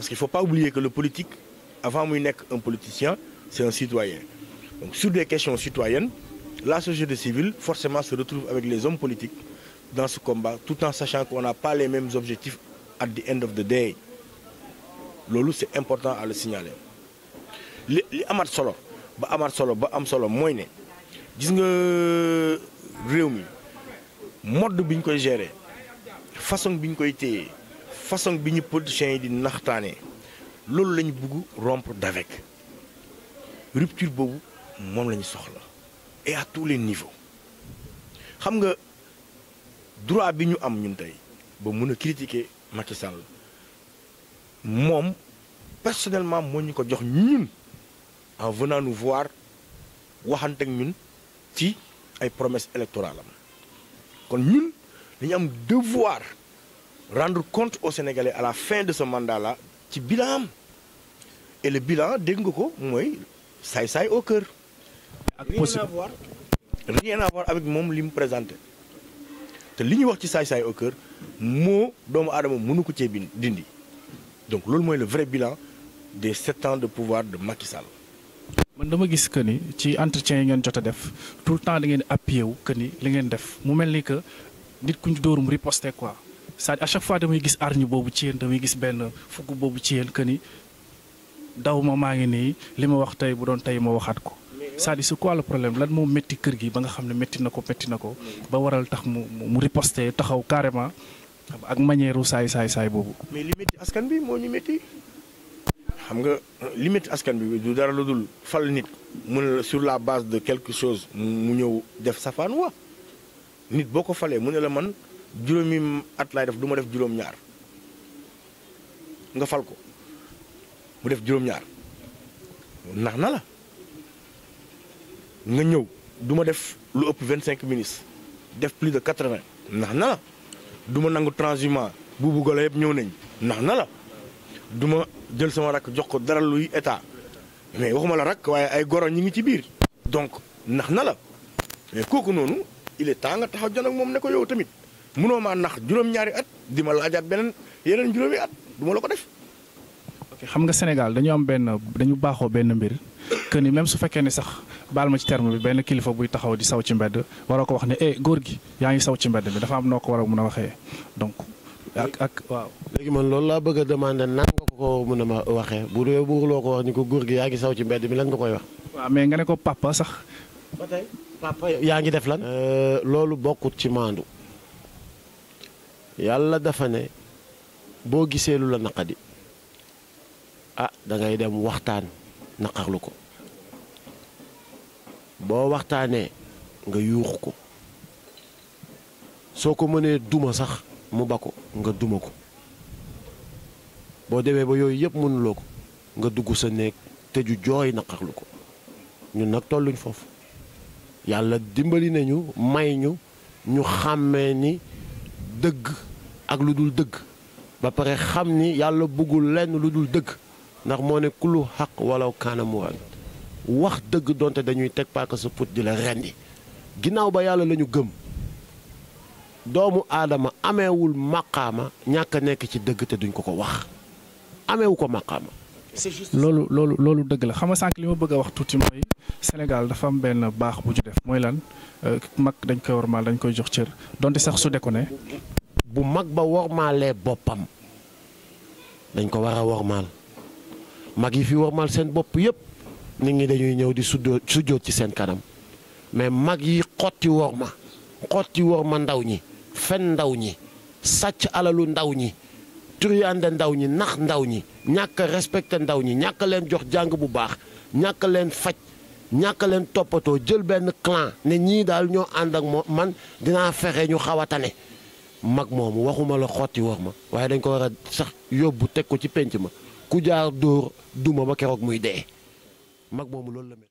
Parce qu'il ne faut pas oublier que le politique, avant de nekk un politicien, c'est un citoyen. Donc sur des questions citoyennes, la société civile forcément se retrouve avec les hommes politiques dans ce combat, tout en sachant qu'on n'a pas les mêmes objectifs at the end of the day. loolu c'est important à le signaler li amaat solo ba amaat solo ba am solo mooy ne gis nga réew mi mod bi ñu koy gérer façon bi ñu koy téye façon bi ñu politiciens yi di naxtaanee loolu lañu bugg rompre d'avec rupture boobu moom la ñu soxla et à tous les niveaux xam nga droit bi ñu am ñun tey ba mun a critiquer Macky Sall moom personnellement moo ñu ko jox ñun en venant nous voir waxante ñun ci ay promesses électorales am kon ñun dañu am devoir. rendre compte au Sénégalais à la fin de ce mandat-là ci bilan am et le bilan dégg nga ko mooy saay-saay au cœur. ak possible rien à voir rien à avec moom li mu présenté te li ñuy wax ci saay-saay au cœur moo doomu aadama mënu ko cee bind dindi donc loolu mooy le vrai bilan des sept ans de pouvoir de Macky Sall. man dama gis que ni ci entretien yi ngeen jot a def tout le temps da ngeen appuyé wu que ni li ngeen def mu mel ni que nit ku ñu dóor mu riposté quoi. c'est-à-dire à chaque fois damay gis arñu boobu ci yéen damay gis benn fukk boobu ci yéen que ni daw maa ngi nii li ma wax tey bu doon tey ma waxaat ko c'est-à-dire c'est problème lan moom métti kër gi ba nga xam ne métti na ko métti na ko ba waral tax mu mu riposté taxaw carrément ak manière saay saay saay boobu. mais li métti askan bi moo ñu métti xam nga li métti askan bi du dara lu dul fal nit mun la sur la base de quelque chose mu ñëw def safaan wa nit boo ko falee mu ne la man. juróomi at laay def du ma def juróom-ñaar nga fal ko mu def juróom-ñaar nax na la nga ñëw du ma def lu ëpp vingt cinq ministres def plus de quatre vingt nax na la du ma nangu transhumant bu bugg la yëpp ñëw nañ nax na la du ma jël sama rakk jox ko dara luy état mais waxuma la rakk waaye ay goro ñi ngi ci biir donc nax na la mais kooku noonu il est temps nga taxaw jon ak moom ne ko yow tamit munoo ma nax juróom-ñaari at di ma laajaat beneen yeneen juróomi at du ma la ko def. ok xam nga Sénégal dañu am benn dañu baaxoo benn mbir que ni même su fekkee ne sax baal ma ci terme bi benn kilifa buy taxaw di saw ci mbedd waroo ko wax ne eh, góor gi yaa ngi saw ci mbedd mi dafa am noo ko war a a waxee donc. ak ak waaw. léegi man loolu laa bëgg a demander nan nga ko mën a ma waxee bu dee buurloo ko wax ni ko góor gi yaa ngi saw ci mbedd mi lan nga koy wax. waaw mais nga ne ko papa sax. yaa ngi def lan. Euh, loolu bokkut ci maandu. yàlla dafa ne boo gisee lu la naqadi ah da ngay dem waxtaan naqarlu ko boo waxtaanee nga yuux ko soo ko mënee duma sax mu ba ko nga duma ko boo demee ba yooyu yëpp mënuloo ko nga dugg sa néeg te ju jooy naqarlu ko ñun nag tolluñ foofu yàlla dimbali nañu may ñu ñu xàmme ni dëgg ak lu dul dëgg ba pare xam ni yàlla bëggul lenn lu dul dëgg ndax moo ne kulu xaq walaw kaana muwaan wax dëgg donte dañuy teg paaka sa put di la rendi ginnaaw ba yàlla lañu gëm doomu aadama amewul màqaama ñàkk a nekk ci dëgg te duñ ko ko wax ameewu ko màqaama loolu loolu loolu dëgg la xam nga sànq li ma bëgg a wax tuuti mooy Sénégal dafa am benn baax bu ju def mooy lan euh, mag dañ koy war maal dañ koy jox cër donte sax su deko ne bu mag ba wormaalee boppam dañ ko war a wormaal mag yi fi wormaal seen bopp yëpp nit ñi dañuy ñëw di sujjóot sujjóot ci seen kanam mais mag yi xotti worma xotti worma ndaw ñi fen ndaw ñi sàcc alalu ndaw ñi turiyande ndaw ñi nax ndaw ñi ñàkk a ndaw ñi ñàkk leen jox jàng bu baax ñàkk leen faj ñàkk leen toppatoo jël benn clan ne ñii daal ñoo ànd ak moo man dinaa fexe ñu xaw a tane mag moomu waxuma la xotti war ma waaye dañ ko war a sax yóbbu teg ko ci penc ma ku jaar dóor ma ba keroog muy dee mag moomu loolu